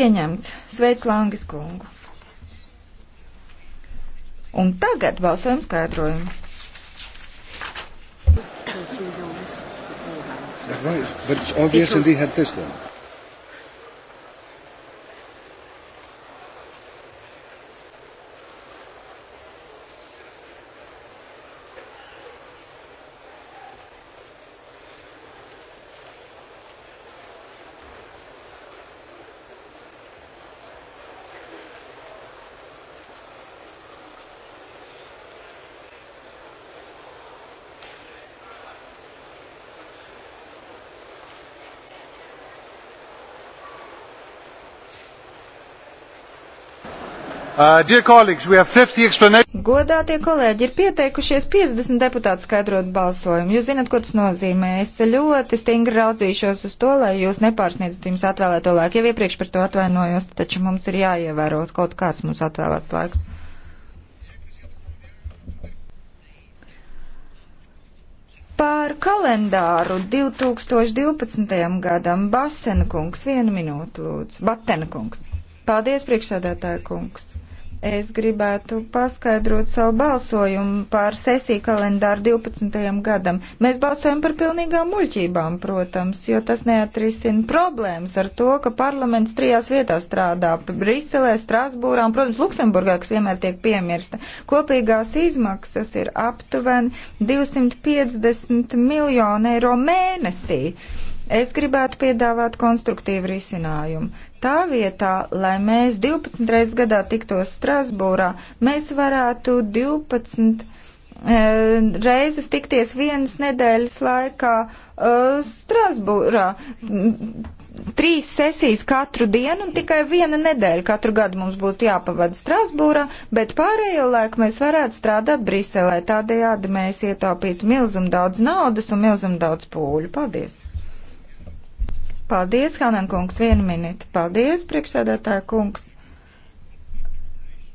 Pieņemts. Sveic Langis kungu. Un tagad balsojam skaidrojumu. That was, but it's obvious it was, and we had this then. Uh, Godātie kolēģi ir pieteikušies 50 deputāti skaidrot balsojumu. Jūs zinat, ko tas nozīmē. Es ļoti stingri raudzīšos uz to, lai jūs nepārsniedzat jums atvēlēto laiku. Jau iepriekš par to atvainojos, taču mums ir jāievēro kaut kāds mums atvēlēts laiks. Par kalendāru 2012. gadam Basenkungs, vienu minūtu lūdzu. Batenkungs. Paldies, priekšsādātāja kungs. Es gribētu paskaidrot savu balsojumu par sesiju kalendāru 12. gadam. Mēs balsojam par pilnīgām muļķībām, protams, jo tas neatrisina problēmas ar to, ka parlaments trijās vietās strādā - Briselē, Strasbūrā un, protams, Luksemburgā, kas vienmēr tiek piemirsta. Kopīgās izmaksas ir aptuveni 250 miljonu eiro mēnesī. Es gribētu piedāvāt konstruktīvu risinājumu. Tā vietā, lai mēs 12 reizes gadā tiktos Strasbūrā, mēs varētu 12 e, reizes tikties vienas nedēļas laikā e, Strasbūrā trīs sesijas katru dienu un tikai viena nedēļa katru gadu mums būtu jāpavada Strasbūrā, bet pārējo laiku mēs varētu strādāt Briselē. Tādējādi mēs ietaupītu milzumu daudz naudas un milzumu daudz pūļu. Paldies! Paldies, Hanan kungs, vienu minūti. Paldies, priekšsēdētāja kungs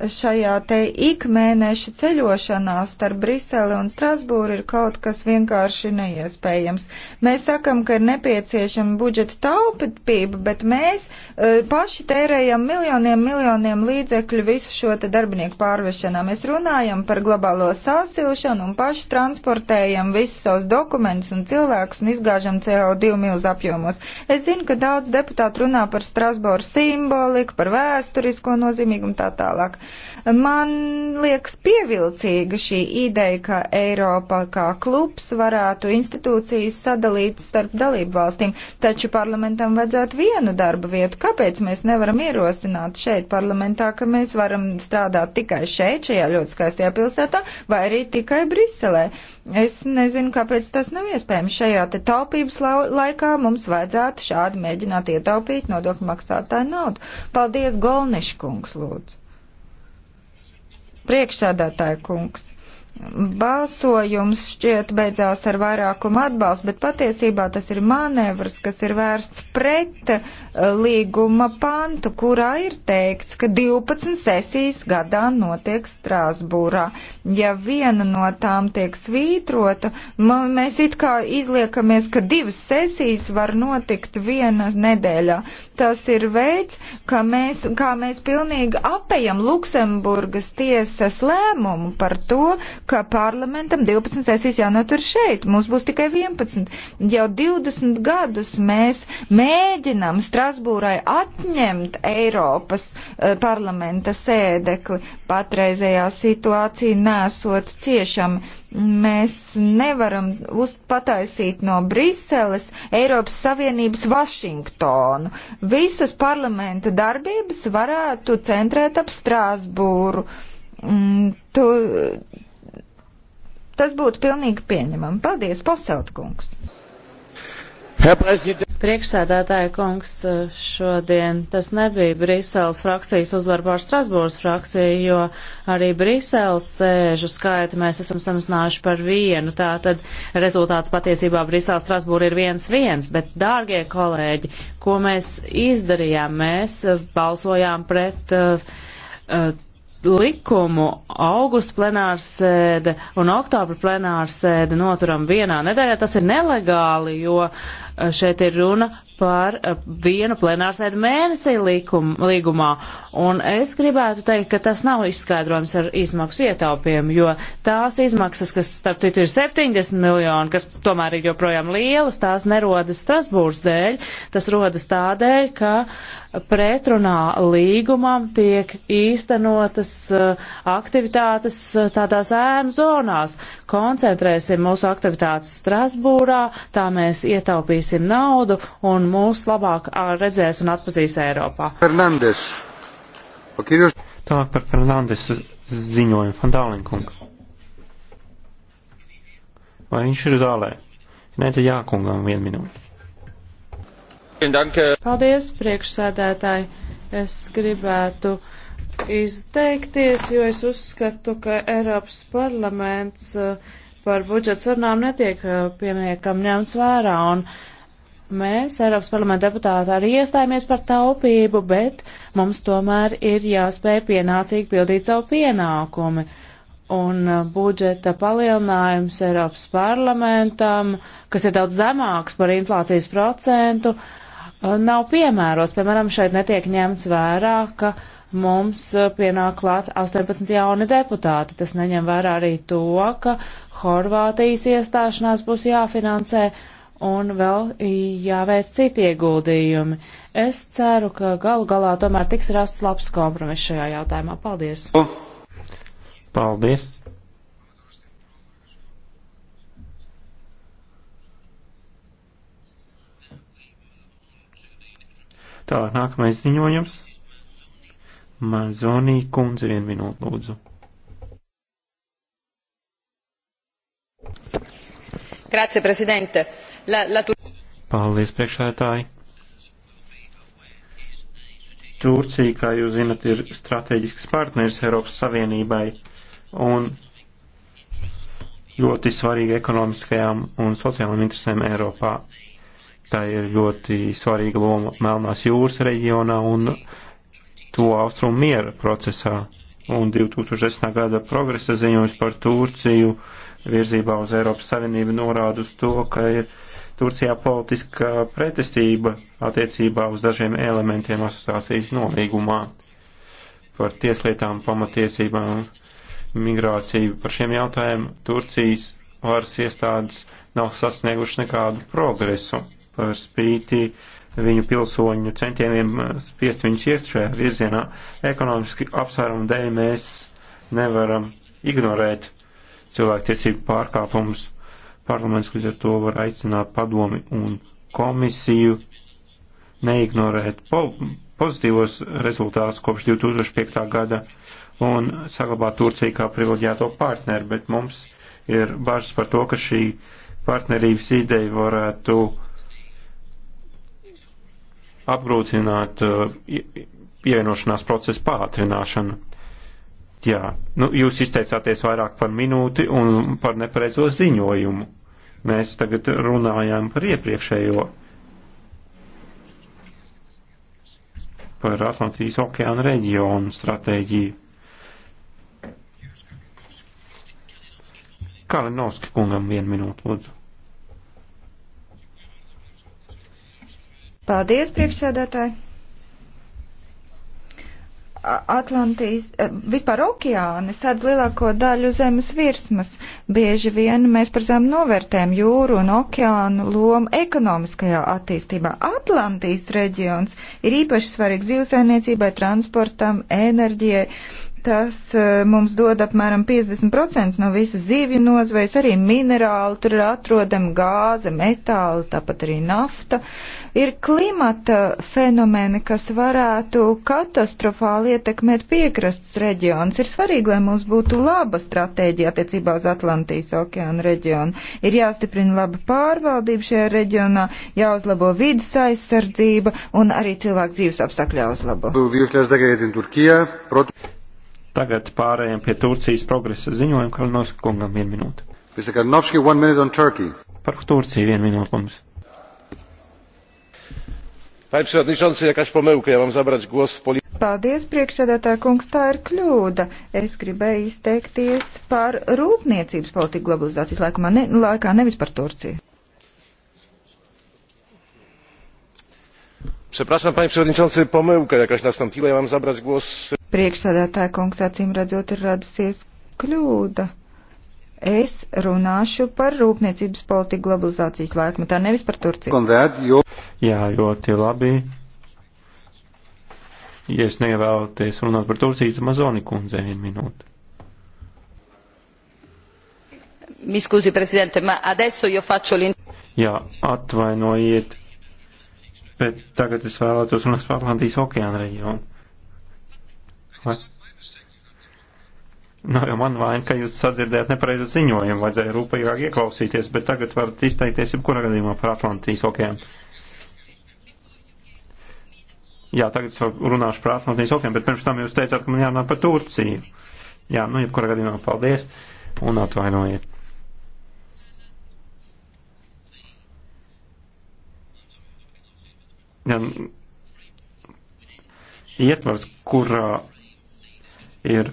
šajā te ikmēneša ceļošanā starp Briseli un Strasbūru ir kaut kas vienkārši neiespējams. Mēs sakam, ka ir nepieciešama budžeta taupība, bet mēs uh, paši tērējam miljoniem, miljoniem līdzekļu visu šo te darbinieku pārvešanā. Mēs runājam par globālo sāsilšanu un paši transportējam visus savus dokumentus un cilvēkus un izgāžam CO2 milz apjomos. Es zinu, ka daudz deputātu runā par Strasbūru simboliku, par vēsturisko nozīmīgumu tā tālāk. Man liekas pievilcīga šī ideja, ka Eiropa kā klubs varētu institūcijas sadalīt starp dalību valstīm, taču parlamentam vajadzētu vienu darba vietu. Kāpēc mēs nevaram ierosināt šeit parlamentā, ka mēs varam strādāt tikai šeit, šajā ļoti skaistajā pilsētā, vai arī tikai Briselē? Es nezinu, kāpēc tas nav iespējams. Šajā te taupības laikā mums vajadzētu šādi mēģināt ietaupīt nodokļu maksātāju naudu. Paldies, Golniškungs, lūdzu. Priekšsēdētāja kungs. Balsojums šķiet beidzās ar vairākumu atbalstu, bet patiesībā tas ir manevrs, kas ir vērsts pret uh, līguma pantu, kurā ir teikts, ka 12 sesijas gadā notiek Strāsbūrā. Ja viena no tām tiek svītrota, mēs it kā izliekamies, ka divas sesijas var notikt viena nedēļā. Tas ir veids, ka mēs, kā mēs pilnīgi apējam Luksemburgas tiesas lēmumu par to, ka parlamentam 12 sesijas jānotur šeit. Mums būs tikai 11. Jau 20 gadus mēs mēģinam Strasbūrai atņemt Eiropas uh, parlamenta sēdekli. Patreizējā situācija nesot ciešam. Mēs nevaram uzpataisīt no Briseles Eiropas Savienības Vašingtonu. Visas parlamenta darbības varētu centrēt ap Strasbūru. Mm, tu, Tas būtu pilnīgi pieņemami. Paldies, Poseltkungs! Priekšsēdētāja kungs, eh, šodien tas nebija Briseles frakcijas uzvar pār Strasbūras frakciju, jo arī Briseles sēžu skaitu mēs esam samazinājuši par vienu. Tātad rezultāts patiesībā Briseles Strasbūra ir viens viens, bet, dārgie kolēģi, ko mēs izdarījām? Mēs eh, balsojām pret. Uh, uh, likumu augusta plenārsēde un oktobra plenārsēde noturam vienā nedēļā, tas ir nelegāli, jo eh, šeit ir runa par eh, vienu plenārsēdu mēnesī likum, līgumā. Un es gribētu teikt, ka tas nav izskaidrojums ar izmaksu ietaupiem, jo tās izmaksas, kas starp citu ir 70 miljoni, kas tomēr ir joprojām lielas, tās nerodas Strasbūrs dēļ, tas rodas tādēļ, ka uh, pretrunā līgumam tiek īstenotas uh, aktivitātes uh, tādās ēnu zonās. Koncentrēsim mūsu aktivitātes Strasbūrā, tā mēs ietaupīsim naudu un mūs labāk uh, redzēs un atpazīs Eiropā. Fernandes. Jūs... Tālāk par Fernandes ziņojumu. Fandālinkungs. Vai viņš ir zālē? Nē, tad jākungam vienu minūti. Äh, Paldies, priekšsēdētāji. Es gribētu izteikties, jo es uzskatu, ka Eiropas parlaments uh, par budžeta sarunām netiek uh, piemēram ņemts vērā. Un mēs, Eiropas parlamenta deputāti, arī iestājāmies par taupību, bet mums tomēr ir jāspēj pienācīgi pildīt savu pienākumu. Un uh, budžeta palielinājums Eiropas parlamentam, kas ir daudz zemāks par inflācijas procentu, uh, Uh, nav piemērots. Piemēram, šeit netiek ņemts vērā, ka mums uh, pienāk klāt 18 jauni deputāti. Tas neņem vērā arī to, ka Horvātijas iestāšanās būs jāfinansē un vēl jāveic citi ieguldījumi. Es ceru, ka gal galā tomēr tiks rasts labs kompromiss šajā jautājumā. Paldies! Paldies! Tālāk nākamais ziņojums. Mazonī kundze vienu minūtu lūdzu. Grazie, prezidente. La, la... Paldies, priekšētāji. Turcija, kā jūs zinat, ir strateģisks partners Eiropas Savienībai un ļoti svarīgi ekonomiskajām un sociālām interesēm Eiropā. Tā ir ļoti svarīga loma Melnās jūras reģionā un to austrumu miera procesā. Un 2010. gada progresa ziņojums par Turciju virzībā uz Eiropas Savienību norāda uz to, ka ir Turcijā politiska pretestība attiecībā uz dažiem elementiem asociācijas nolīgumā par tieslietām, pamatiesībām, migrāciju. Par šiem jautājumiem Turcijas varas iestādes nav sasnieguši nekādu progresu par spīti viņu pilsoņu centieniem uh, spiest viņus iest šajā virzienā. Ekonomiski apsvērumu dēļ mēs nevaram ignorēt cilvēktiesību pārkāpumus. Parlaments līdz ar to var aicināt padomi un komisiju neignorēt po pozitīvos rezultātus kopš 2005. gada un saglabāt Turciju kā privileģēto partneri, bet mums ir bažas par to, ka šī partnerības ideja varētu uh, apgrūtināt pievienošanās uh, procesu pātrināšanu. Jā, nu, jūs izteicāties vairāk par minūti un par nepareizo ziņojumu. Mēs tagad runājām par iepriekšējo, par Atlantijas okeāna reģionu stratēģiju. Kalinovski kungam vienu minūtu, lūdzu. Paldies, priekšsēdētāji! Atlantijas, e, vispār okeāni sēdz lielāko daļu zemes virsmas. Bieži vien mēs par zemu novērtējam jūru un okeānu lomu ekonomiskajā attīstībā. Atlantijas reģions ir īpaši svarīgs dzīvesainiecībai, transportam, enerģijai Tas eh, mums dod apmēram 50% no visas zivju nozvejas, arī minerāli, tur ir atrodama gāze, metāli, tāpat arī nafta. Ir klimata fenomeni, kas varētu katastrofāli ietekmēt piekrastes reģionus. Ir svarīgi, lai mums būtu laba stratēģija attiecībā uz Atlantijas okeāna reģionu. Ir jāstiprina laba pārvaldība šajā reģionā, jāuzlabo vidas aizsardzība un arī cilvēku dzīves apstākļu jāuzlabo. Tagad pārējiem pie Turcijas progresa ziņojuma, ka Novska kungam vienu minūti. Par Turciju vienu minūti mums. Panie przewodniczący, jakaś pomyłka. Ja mam zabrać głos w polityce. Paldies, priekšsēdētāja kungs, tā ir kļūda. Es gribēju izteikties par rūpniecības politiku globalizācijas laikumā, ne, laikā, nevis par Turciju. Przepraszam, panie przewodniczący, pomyłka jakaś nastąpiła. Ja mam zabrać głos. Priekšsādātāja kungs acīm redzot ir radusies kļūda. Es runāšu par rūpniecības politiku globalizācijas laikmetā, nevis par Turciju. That, you... Jā, ļoti labi. Ja es nevēlaties runāt par Turciju, tad Mazoni kundzei vienu minūti. Mi scusi, Presidente, ma adesso io faccio l'in... Jā, atvainojiet, bet tagad es vēlētos runāt par Atlantijas okeāna reģionu Vai? Nav jau man vaina, ka jūs sadzirdējāt nepareizu ziņojumu, vajadzēja rūpīgāk ieklausīties, bet tagad varat izteikties jebkurā gadījumā par Atlantijas okeānu. Jā, tagad es runāšu par Atlantijas okeānu, bet pirms tam jūs teicāt, ka man jārunā par Turciju. Jā, nu jebkurā gadījumā paldies un atvainojiet. Jā, nu, ietvars, kurā. Uh, ir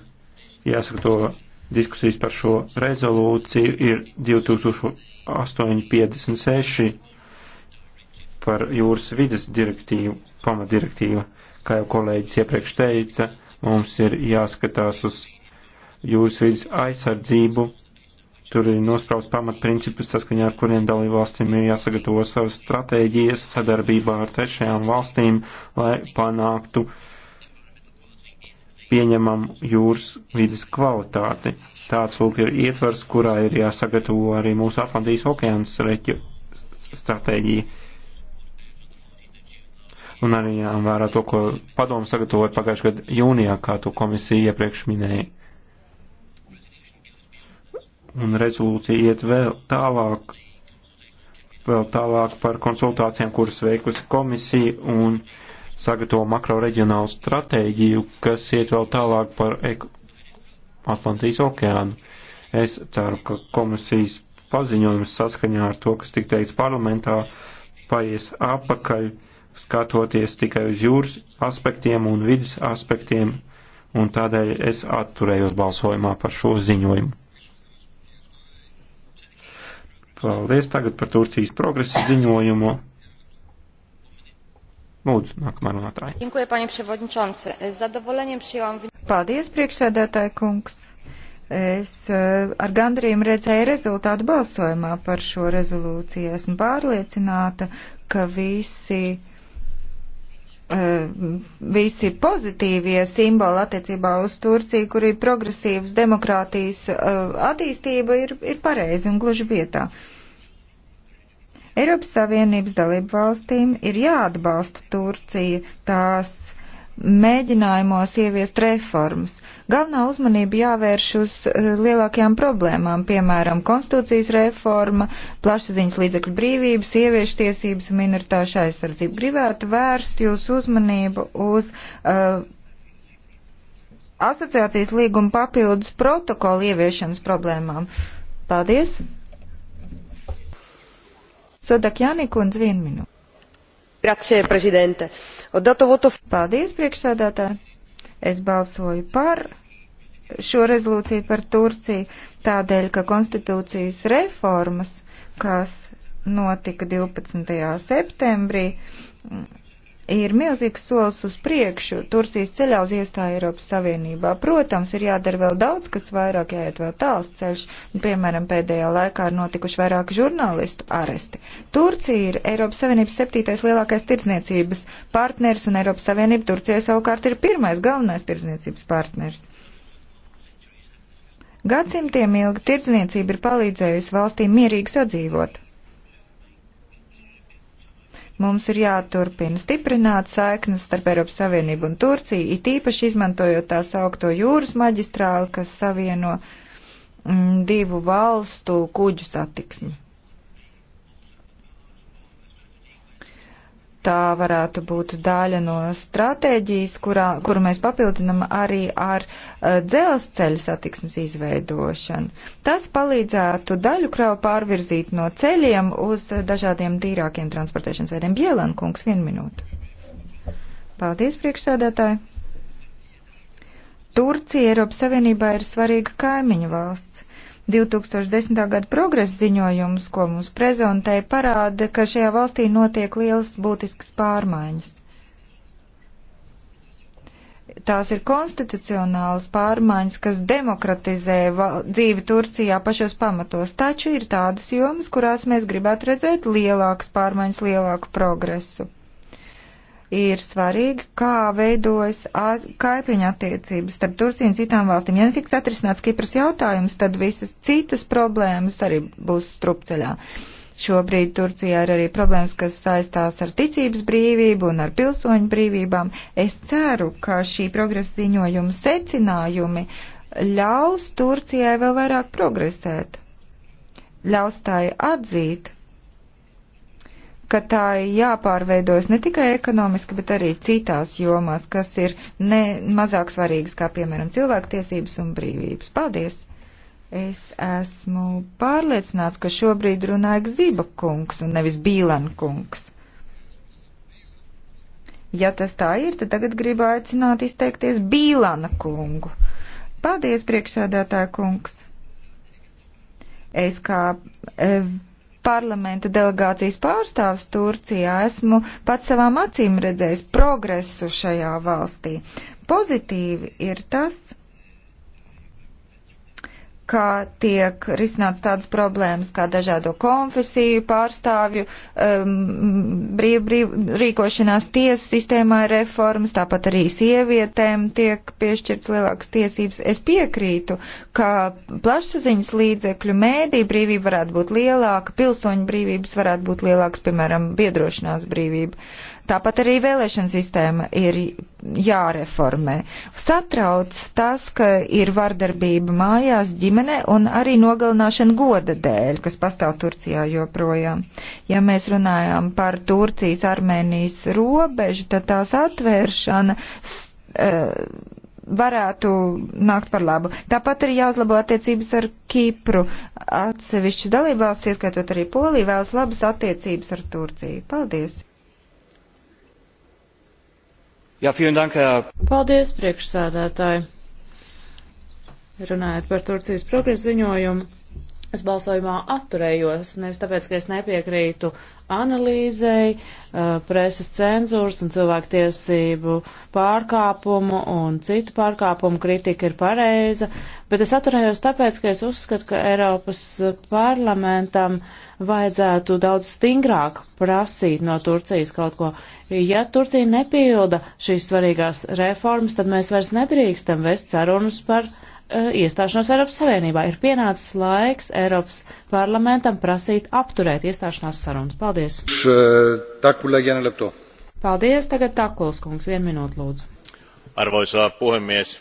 jāsagatavo diskusijas par šo rezolūciju, ir 2856 par jūras vidas direktīvu, pamatdirektīva. Kā jau kolēģis iepriekš teica, mums ir jāskatās uz jūras vidas aizsardzību. Tur ir nospraust pamatprincipus, saskaņā ar kuriem dalībvalstīm ir jāsagatavo savas stratēģijas sadarbībā ar trešajām valstīm, lai panāktu uh, pieņemamu jūras vidas kvalitāti. Tāds lūk ir ietvers, kurā ir jāsagatavo arī mūsu Atlantijas okeāna stratēģija. Un arī jāņem vērā to, ko padomu sagatavoja pagājušajā gadā jūnijā, kā to komisija iepriekš minēja. Un rezolūcija iet vēl tālāk, vēl tālāk par konsultācijām, kuras veikusi komisija un uh, sagatavo makroreģionālu stratēģiju, kas iet vēl tālāk par Atlantijas okeānu. Es ceru, ka komisijas paziņojums saskaņā ar to, kas tik teiks parlamentā, paies apakaļ, skatoties tikai uz jūras aspektiem un vidas aspektiem, un tādēļ es atturējos balsojumā par šo ziņojumu. Paldies tagad par Turcijas progresa ziņojumu. Lūdzu, nākamā runātāja. E, Paldies, priekšsēdētāja kungs. Es e, ar gandrību redzēju rezultātu balsojumā par šo rezolūciju. Esmu pārliecināta, ka visi e, visi pozitīvie simboli attiecībā uz Turciju, kur ir progresīvas demokrātijas attīstība, ir, ir pareizi un gluži vietā. Uh, Eiropas Savienības dalību valstīm ir jāatbalsta Turcija tās mēģinājumos ieviest reformas. Galvenā uzmanība jāvērš uz eh, lielākajām problēmām, piemēram, konstitūcijas reforma, plašsaziņas līdzekļu brīvības, sieviešu tiesības un minoritāšu aizsardzību. Gribētu vērst jūsu uzmanību uz uh, asociācijas līguma papildus protokolu ieviešanas problēmām. Paldies! Sodakjāni kundze vienu minūti. Grazie, prezidente. Voto... Paldies, priekšsēdētāji. Es balsoju par šo rezolūciju par Turciju tādēļ, ka konstitūcijas reformas, kas notika 12. septembrī, ir milzīgs solis uz priekšu Turcijas ceļā uz iestāju Eiropas Savienībā. Protams, ir jādara vēl daudz, kas vairāk jāiet vēl tāls ceļš. Nu, piemēram, pēdējā laikā ir notikuši vairāki žurnālistu aresti. Turcija ir Eiropas Savienības septītais lielākais tirdzniecības partners, un Eiropas Savienība Turcijai savukārt ir pirmais galvenais tirdzniecības partners. Gadsimtiem ilga tirdzniecība ir palīdzējusi valstīm mierīgi sadzīvot. Mums ir jāturpina stiprināt saiknes starp Eiropas Savienību un Turciju, it īpaši izmantojot tā saukto jūras maģistrāli, kas savieno mm, divu valstu kuģu satiksmi. tā varētu būt daļa no stratēģijas, kurā, kuru mēs papildinam arī ar uh, dzelzceļa satiksmes izveidošanu. Tas palīdzētu daļu kravu pārvirzīt no ceļiem uz dažādiem tīrākiem transportēšanas veidiem. Bielankungs, vienu minūtu. Paldies, priekšsēdētāji! Turcija Eiropas Savienībā ir svarīga kaimiņu valsts. 2010. gada progresa ziņojums, ko mums prezentēja, parāda, ka šajā valstī notiek lielas būtiskas pārmaiņas. Tās ir konstitucionālas pārmaiņas, kas demokratizē dzīvi Turcijā pašos pamatos, taču ir tādas jomas, kurās mēs gribētu redzēt lielākas pārmaiņas, lielāku progresu ir svarīgi, kā veidojas kaipiņa attiecības starp Turciju un citām valstīm. Ja netiks atrisināts Kipras jautājums, tad visas citas problēmas arī būs strupceļā. Šobrīd Turcijā ir arī problēmas, kas saistās ar ticības brīvību un ar pilsoņu brīvībām. Es ceru, ka šī progresa ziņojuma secinājumi ļaus Turcijai vēl vairāk progresēt, ļaus tai atzīt ka tā jāpārveidojas ne tikai ekonomiski, bet arī citās jomās, kas ir ne mazāk svarīgas, kā piemēram cilvēktiesības un brīvības. Paldies! Es esmu pārliecināts, ka šobrīd runāja Ziba kungs un nevis Bīlan kungs. Ja tas tā ir, tad tagad gribu aicināt izteikties Bīlana kungu. Paldies, priekšsēdētāja kungs! Es kā e, parlamenta delegācijas pārstāvs Turcijā, esmu pats savām acīm redzējis progresu šajā valstī. Pozitīvi ir tas, kā tiek risināts tādas problēmas kā dažādo konfesiju pārstāvju, um, brīv, brīv, rīkošanās tiesu sistēmā ir reformas, tāpat arī sievietēm tiek piešķirts lielākas tiesības. Es piekrītu, ka plašsaziņas līdzekļu mēdī brīvība varētu būt lielāka, pilsoņu brīvības varētu būt lielākas, piemēram, biedrošanās brīvība. Tāpat arī vēlēšana sistēma ir jāreformē. Satrauc tas, ka ir vardarbība mājās, ģimene un arī nogalināšana goda dēļ, kas pastāv Turcijā joprojām. Ja mēs runājam par Turcijas Armēnijas robežu, tad tās atvēršana. Uh, varētu nākt par labu. Tāpat arī jāuzlabo attiecības ar Kipru. Atsevišķas dalībvalsts, ieskaitot arī Poliju, vēlas labas attiecības ar Turciju. Paldies! Jā, dank, jā. Paldies, priekšsēdētāji. Runājot par Turcijas progresu ziņojumu, es balsojumā atturējos, nevis tāpēc, ka es nepiekrītu analīzei, uh, preses cenzūras un cilvēktiesību pārkāpumu un citu pārkāpumu kritika ir pareiza, bet es atturējos tāpēc, ka es uzskatu, ka Eiropas parlamentam vajadzētu daudz stingrāk prasīt no Turcijas kaut ko. Ja Turcija nepilda šīs svarīgās reformas, tad mēs vairs nedrīkstam vest sarunas par uh, iestāšanos Eiropas Savienībā. Ir pienācis laiks Eiropas parlamentam prasīt apturēt iestāšanās sarunas. Paldies! E, Paldies! Tagad Takulas kungs, vienu minūtu lūdzu. Arvoisā puhemies,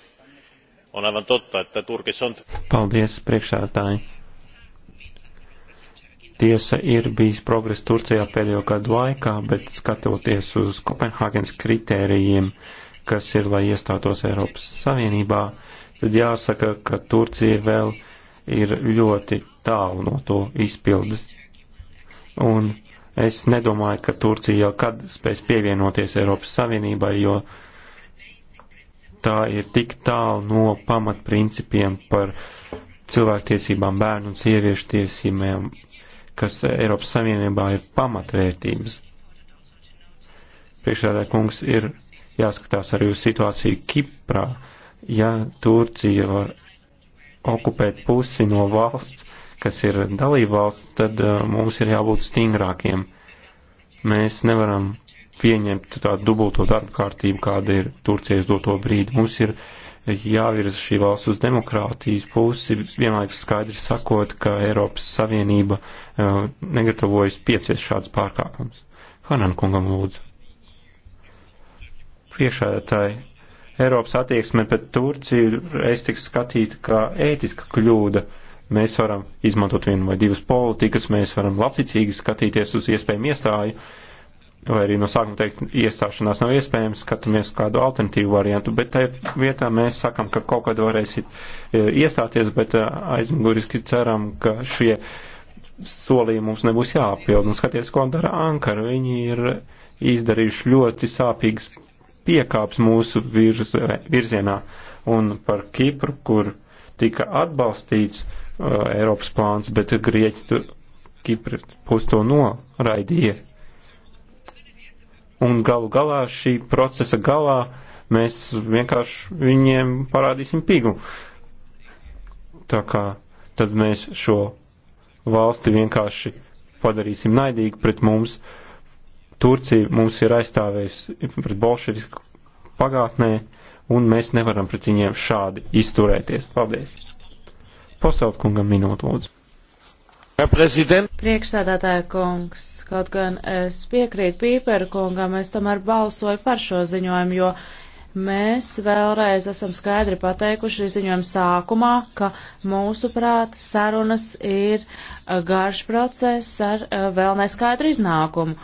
on aivan totta, että Turkissa on... Paldies, priekšsētāji Tiesa ir bijis progress Turcijā pēdējo gadu laikā, bet skatoties uz Kopenhāgenes kritērijiem, kas ir, lai iestātos Eiropas Savienībā, tad jāsaka, ka Turcija vēl ir ļoti tālu no to izpildes. Un es nedomāju, ka Turcija jau kad spēs pievienoties Eiropas Savienībai, jo tā ir tik tālu no pamatprincipiem par cilvēktiesībām, bērnu un sieviešu tiesībām, kas Eiropas Savienībā ir pamatvērtības. Priekšādā kungs ir jāskatās arī uz situāciju Kiprā. Ja Turcija var okupēt pusi no valsts, kas ir dalībvalsts, tad uh, mums ir jābūt stingrākiem. Mēs nevaram pieņemt tādu dubulto darbu kārtību, kāda ir Turcijas doto brīdi. Mums ir uh, jāvirza šī valsts uz demokrātijas pusi, vienlaikus skaidri sakot, ka Eiropas Savienība uh, negatavojas piecies šādas pārkāpums. Hanan kungam lūdzu. Priekšētāji, Eiropas attieksme pret Turciju reiz tiks skatīta kā ētiska kļūda. Mēs varam izmantot vienu vai divas politikas, mēs varam labticīgi skatīties uz iespējumu iestāju, uh, vai arī no sākuma teikt, iestāšanās nav iespējams, skatāmies kādu alternatīvu variantu, bet tajā vietā mēs sakam, ka kaut kad varēsit e, iestāties, bet e, aizmuguriski ceram, ka šie solījumi mums nebūs jāpild. Un skaties, ko dara Ankara, viņi ir izdarījuši ļoti sāpīgas piekāps mūsu virz, virzienā. Un par Kipru, kur tika atbalstīts uh, Eiropas plāns, bet Grieķi tur Kipru pus to noraidīja un galu galā šī procesa galā mēs vienkārši viņiem parādīsim pigu. Tā kā tad mēs šo valsti vienkārši padarīsim naidīgu pret mums. Turcija mums ir aizstāvējusi pret bolševisku pagātnē, un mēs nevaram pret viņiem šādi izturēties. Paldies! Posautkungam minūtu lūdzu. Priekšsēdētāja kungs, kaut gan es piekrītu Pīpera kungam, es tomēr balsoju par šo ziņojumu, jo mēs vēlreiz esam skaidri pateikuši šī ziņojuma sākumā, ka mūsuprāt sarunas ir uh, garš process ar uh, vēl neskaidru iznākumu.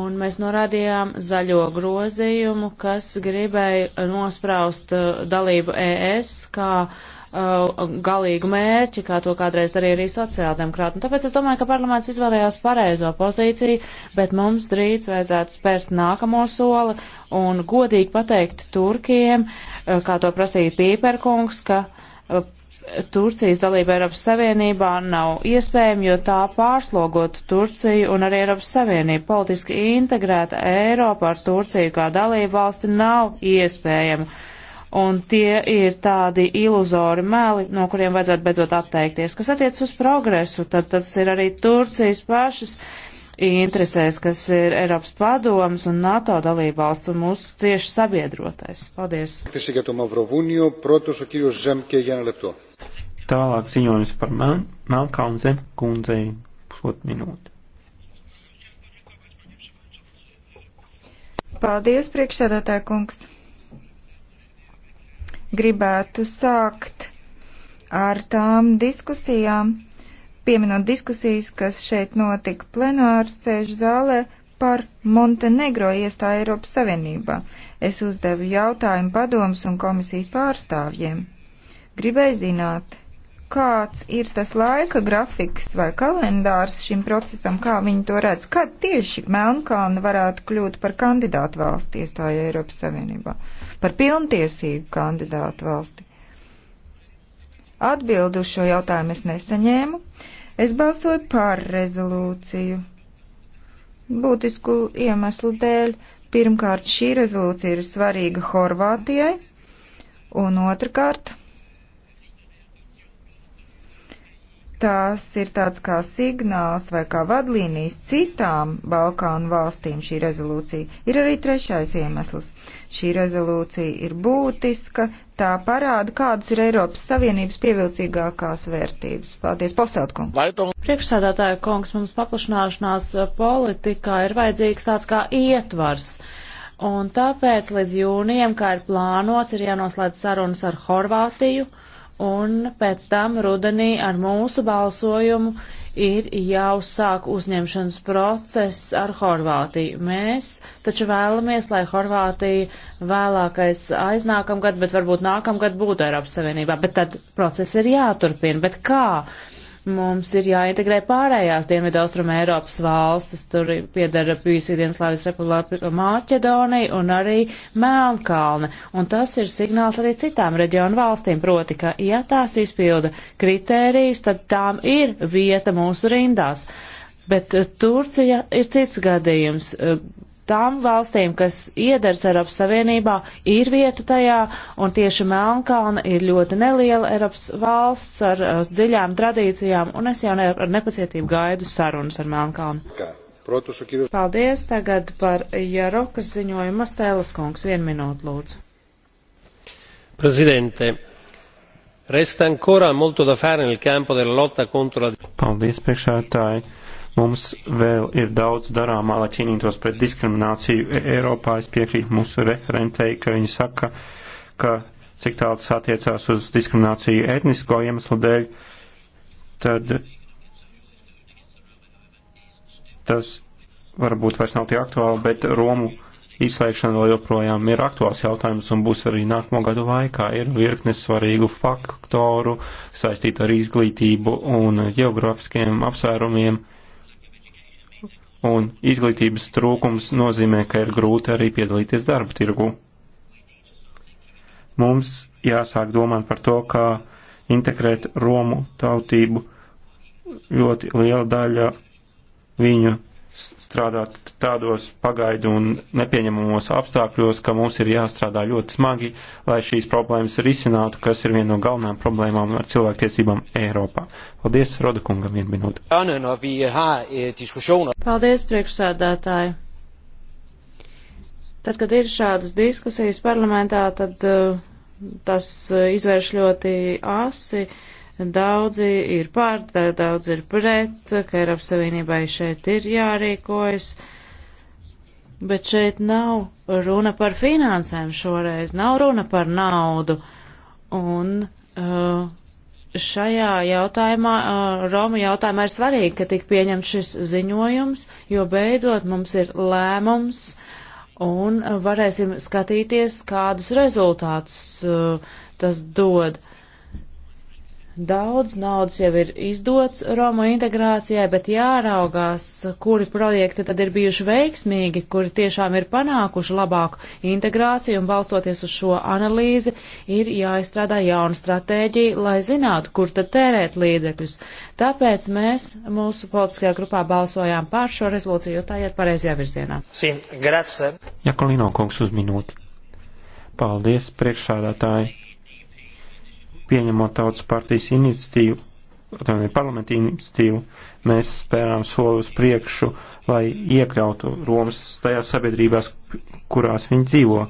Un mēs norādījām zaļo grozījumu, kas gribēja nospraust uh, dalību ES kā uh, Uh, galīgu mērķi, kā to kādreiz darīja arī sociāldemokrāti. Un tāpēc es domāju, ka parlaments izvēlējās pareizo pozīciju, bet mums drīz vajadzētu spērt nākamo soli un godīgi pateikt Turkiem, uh, kā to prasīja Pīperkungs, ka uh, Turcijas dalība Eiropas Savienībā nav iespējama, jo tā pārslogotu Turciju un arī Eiropas Savienību. Politiski integrēta Eiropa ar Turciju kā dalību valsti nav iespējama un tie ir tādi iluzori meli, no kuriem vajadzētu beidzot atteikties. Kas attiec uz progresu, tad tas ir arī Turcijas pašas interesēs, kas ir Eiropas padomas un NATO dalībvalsts un mūsu cieši sabiedrotais. Paldies. Tālāk ziņojums par Mel Melkalnu Zemkundzei pusotru minūti. Paldies, priekšsēdētāja kungs gribētu sākt ar tām diskusijām, pieminot diskusijas, kas šeit notika plenārs sēžu zālē par Montenegro iestāju Eiropas Savienībā. Es uzdevu jautājumu padomus un komisijas pārstāvjiem. Gribēju zināt, kāds ir tas laika grafiks vai kalendārs šim procesam, kā viņi to redz, kad tieši Melnkalna varētu kļūt par kandidātu valsti iestāju Eiropas Savienībā, par pilntiesību kandidātu valsti. Atbildu šo jautājumu es nesaņēmu. Es balsoju par rezolūciju. Būtisku iemeslu dēļ. Pirmkārt, šī rezolūcija ir svarīga Horvātijai, un otrkārt, tās ir tāds kā signāls vai kā vadlīnijas citām Balkānu valstīm šī rezolūcija. Ir arī trešais iemesls. Šī rezolūcija ir būtiska, tā parāda, kādas ir Eiropas Savienības pievilcīgākās vērtības. Paldies, Posēltkungs! Priekšsēdētāja kungs, mums paplašanāšanās politikā ir vajadzīgs tāds kā ietvars. Un tāpēc līdz jūnijam, kā ir plānots, ir jānoslēdz sarunas ar Horvātiju un pēc tam rudenī ar mūsu balsojumu ir jāuzsāk uzņemšanas process ar Horvātiju. Mēs taču vēlamies, lai Horvātija vēlākais aiznākamgad, bet varbūt nākamgad būtu Eiropas Savienībā, bet tad process ir jāturpina. Bet kā? mums ir jāintegrē pārējās Dienvidu Austrum Eiropas valstis, tur piedara bijusi Dienaslāvijas republika Maķedonija un arī Melnkalne. Un tas ir signāls arī citām reģionu valstīm, proti, ka ja tās izpilda kritērijus, tad tām ir vieta mūsu rindās. Bet eh, Turcija ir cits gadījums. Eh, tām valstīm, kas iedars Eiropas Savienībā, ir vieta tajā, un tieši Melnkalna ir ļoti neliela Eiropas valsts ar uh, dziļām tradīcijām, un es jau ne, ar nepacietību gaidu sarunas ar Melnkalnu. Paldies tagad par Jarokas ziņojumu Stēlas kungs. Vienu minūtu lūdzu. Prezidente, resta ancora molto da fare nel campo della lotta contro la. Paldies, priekšētāji Mums vēl ir daudz darāmā, lai cīnītos pret diskrimināciju e, Eiropā. Es piekrītu mūsu referentei, ka viņa saka, ka cik tālu tas attiecās uz diskrimināciju etnisko iemeslu dēļ, tad tas varbūt vairs nav tik aktuāli, bet Romu izslēgšana vēl joprojām ir aktuāls jautājums un būs arī nākamo gadu laikā. Ir virkne svarīgu faktoru saistīt ar izglītību un geogrāfiskiem apsvērumiem un izglītības trūkums nozīmē, ka ir grūti arī piedalīties darba tirgu. Mums jāsāk domāt par to, kā integrēt Romu tautību. Ļoti liela daļa viņu strādāt tādos pagaidu un nepieņemamos apstākļos, ka mums ir jāstrādā ļoti smagi, lai šīs problēmas risinātu, kas ir viena no galvenām problēmām ar cilvēktiesībām Eiropā. Paldies, Roda kungam, vienu minūti. Eh, Paldies, priekšsēdētāji. Tad, kad ir šādas diskusijas parlamentā, tad uh, tas eh, izvērš ļoti asi. Uh, Daudzi ir pār, daudzi ir pret, ka Eiropas Savienībai šeit ir jārīkojas, bet šeit nav runa par finansēm šoreiz, nav runa par naudu. Un uh, šajā jautājumā, uh, Roma jautājumā ir svarīgi, ka tik pieņemts šis ziņojums, jo beidzot mums ir lēmums un varēsim skatīties, kādus rezultātus uh, tas dod. Daudz naudas jau ir izdots Roma integrācijai, bet jāraugās, kuri projekti tad ir bijuši veiksmīgi, kuri tiešām ir panākuši labāku integrāciju un balstoties uz šo analīzi ir jāizstrādā jauna stratēģija, lai zinātu, kur tad tērēt līdzekļus. Tāpēc mēs mūsu politiskajā grupā balsojām pār šo rezolūciju, jo tā ir pareizajā virzienā. Sim, grazie. Jakolino kungs uz minūti. Paldies, priekšsādātāji pieņemot tautas partijas iniciatīvu, atvainojiet, parlamenta iniciatīvu, mēs spērām soli uz priekšu, lai iekļautu Romas tajās sabiedrībās, kurās viņi dzīvo.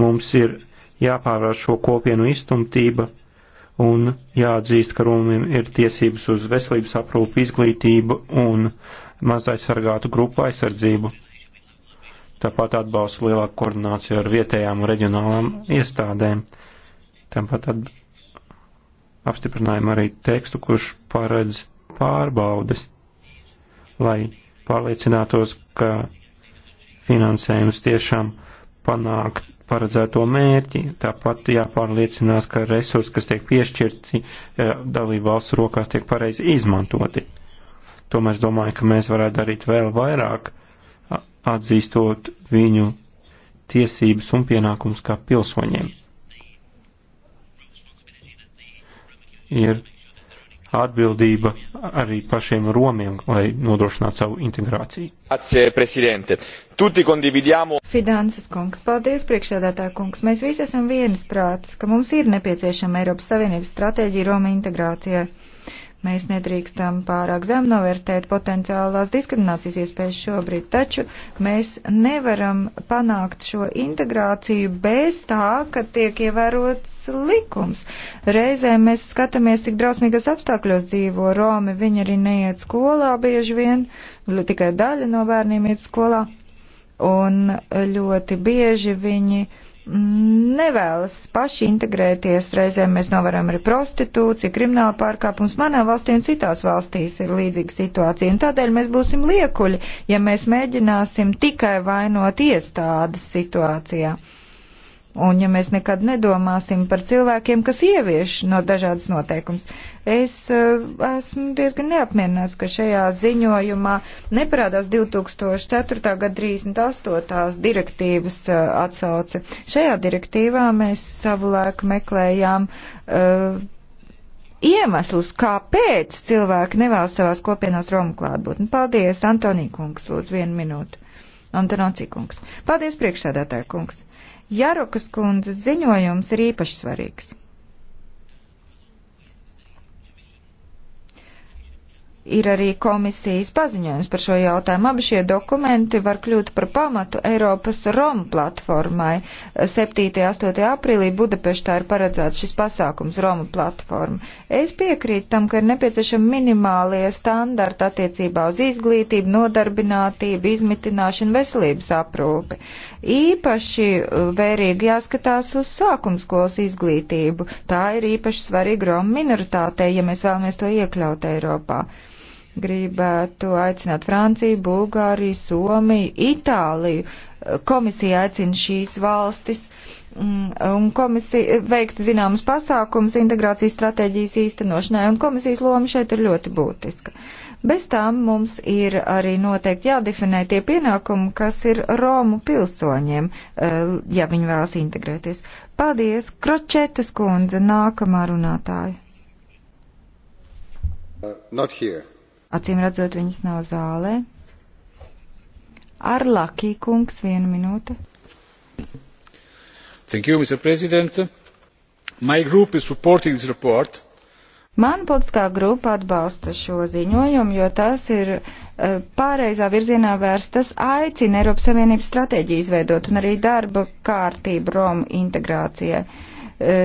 Mums ir jāpārvērš šo kopienu iztumtība un jāatzīst, ka Romiem ir tiesības uz veselības aprūpu, izglītību un mazaisargātu grupu aizsardzību. Tāpat atbalsta lielāku koordināciju ar vietējām un reģionālām iestādēm. Tāpat atbalsta apstiprinājām arī tekstu, kurš paredz pārbaudes, lai pārliecinātos, ka finansējums tiešām panāk paredzēto mērķi. Tāpat jāpārliecinās, ka resursi, kas tiek piešķirti eh, dalību valsts rokās, tiek pareizi izmantoti. Tomēr es domāju, ka mēs varētu darīt vēl vairāk, atzīstot viņu tiesības un pienākumus kā pilsoņiem. ir atbildība arī pašiem romiem, lai nodrošinātu savu integrāciju. Finanses kungs, paldies priekšsēdētā kungs. Mēs visi esam vienas prātas, ka mums ir nepieciešama Eiropas Savienības stratēģija Roma integrācijai. Mēs nedrīkstam pārāk zem novērtēt potenciālās diskriminācijas iespējas šobrīd, taču mēs nevaram panākt šo integrāciju bez tā, ka tiek ievērots likums. Reizēm mēs skatāmies, cik drausmīgos apstākļos dzīvo Romi, viņi arī neiet skolā bieži vien, tikai daļa no bērniem iet skolā, un ļoti bieži viņi nevēlas paši integrēties. Reizēm mēs novaram arī prostitūciju, kriminālu pārkāpumus. Manā valstī un citās valstīs ir līdzīga situācija. Un tādēļ mēs būsim liekuļi, ja mēs mēģināsim tikai vainot iestādes situācijā. Uh, Un ja mēs nekad nedomāsim par cilvēkiem, kas ievieš no dažādas noteikums, es uh, esmu diezgan neapmierināts, ka šajā ziņojumā neparādās 2004. gada 38. direktīvas uh, atsauce. Šajā direktīvā mēs savulaik meklējām uh, iemeslus, kāpēc cilvēki nevēlas savās kopienās Romu klātbūtni. Paldies, Antonī kungs, lūdzu, vienu minūtu. Antonocī kungs. Paldies, priekšsēdētāja kungs. Jarukas kundzes ziņojums ir īpaši svarīgs. ir arī komisijas paziņojums par šo jautājumu. Abi šie dokumenti var kļūt par pamatu Eiropas Roma platformai. 7. un 8. aprīlī Budapeštā ir paredzēts šis pasākums Roma platforma. Es piekrītu tam, ka ir nepieciešami minimālie standarti attiecībā uz izglītību, nodarbinātību, izmitināšanu, veselības aprūpi. Īpaši uh, vērīgi jāskatās uz sākumskolas izglītību. Tā ir īpaši svarīga Roma minoritātei, ja mēs vēlamies to iekļaut Eiropā. Thank you gribētu aicināt Franciju, Bulgāriju, Somiju, Itāliju. Komisija aicina šīs valstis mm, un komisija veikt zināmas pasākums integrācijas stratēģijas īstenošanai, un komisijas loma šeit ir ļoti būtiska. Bez tām mums ir arī noteikti jādefinē tie pienākumi, kas ir Romu pilsoņiem, eh, ja viņi vēlas integrēties. Paldies, Kročetas kundze, nākamā runātāja. Uh, Acīm redzot, viņas nav zālē. Ar Lakī kungs vienu minūte. Thank you, Mr. President. My group is supporting this report. Mana politiskā grupa atbalsta šo ziņojumu, jo tas ir uh, pārreizā virzienā vērsts. Tas aicina Eiropas Savienības stratēģiju izveidot un arī darba kārtību Romu integrācijai. Uh,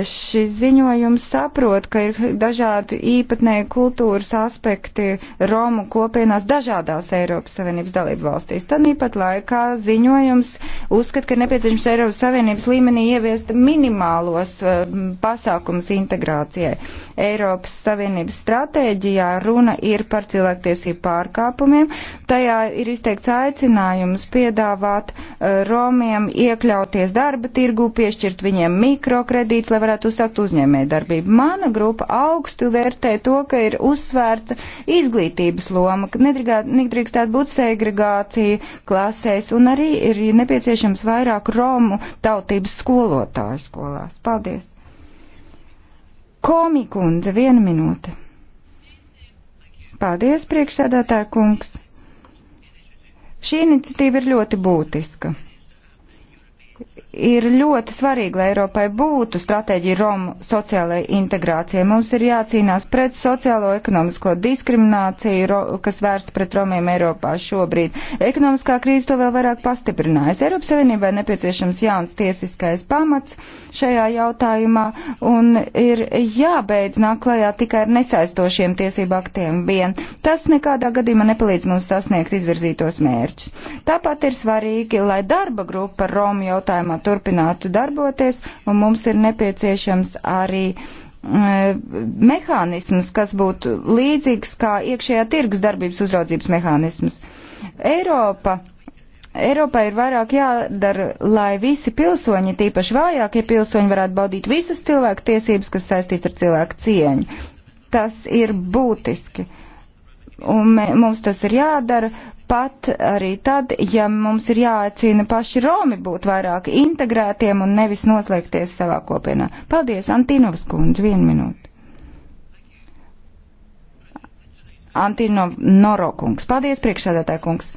Šis ziņojums saprot, ka ir dažādi īpatnēji kultūras aspekti Romu kopienās dažādās Eiropas Savienības dalību valstīs. Tad īpat laikā ziņojums uzskat, ka nepieciešams Eiropas Savienības līmenī ieviest minimālos eh, pasākums integrācijai. Eiropas Savienības stratēģijā runa ir par cilvēktiesību pārkāpumiem. Tajā ir izteikts aicinājums piedāvāt eh, Romiem iekļauties darba tirgu, piešķirt viņiem mikrokredītus, veids, lai varētu uzsākt uzņēmē darbību. Mana grupa augstu vērtē to, ka ir uzsvērta izglītības loma, ka nedrīkstētu būt segregācija klasēs un arī ir nepieciešams vairāk romu tautības skolotāju skolās. Paldies! Komikundze, viena minūte. Paldies, priekšsēdētāja kungs! Šī iniciatīva ir ļoti būtiska ir ļoti svarīgi, lai Eiropai būtu stratēģija Romu sociālajai integrācijai. Mums ir jācīnās pret sociālo ekonomisko diskrimināciju, kas vērsta pret Romiem Eiropā šobrīd. Ekonomiskā krīze to vēl vairāk pastiprinājas. Eiropas Savienībai nepieciešams jauns tiesiskais pamats šajā jautājumā un ir jābeidz nāklājā tikai ar nesaistošiem tiesību aktiem vien. Tas nekādā gadījumā nepalīdz mums sasniegt izvirzītos mērķus. Tāpat ir svarīgi, lai darba grupa Romu jautājumā turpinātu darboties, un mums ir nepieciešams arī mm, mehānisms, kas būtu līdzīgs kā iekšējā tirgus darbības uzraudzības mehānisms. Eiropa Eiropai ir vairāk jādara, lai visi pilsoņi, tīpaši vājākie pilsoņi, varētu baudīt visas cilvēku tiesības, kas saistīts ar cilvēku cieņu. Tas ir būtiski. Un mums tas ir jādara, pat arī tad, ja mums ir jāaicina paši Romi būt vairāk integrētiem un nevis noslēgties savā kopienā. Paldies, Antīnovs kundze, vienu minūti. Antīnov Noro kungs. Paldies, priekšsēdētāj kungs.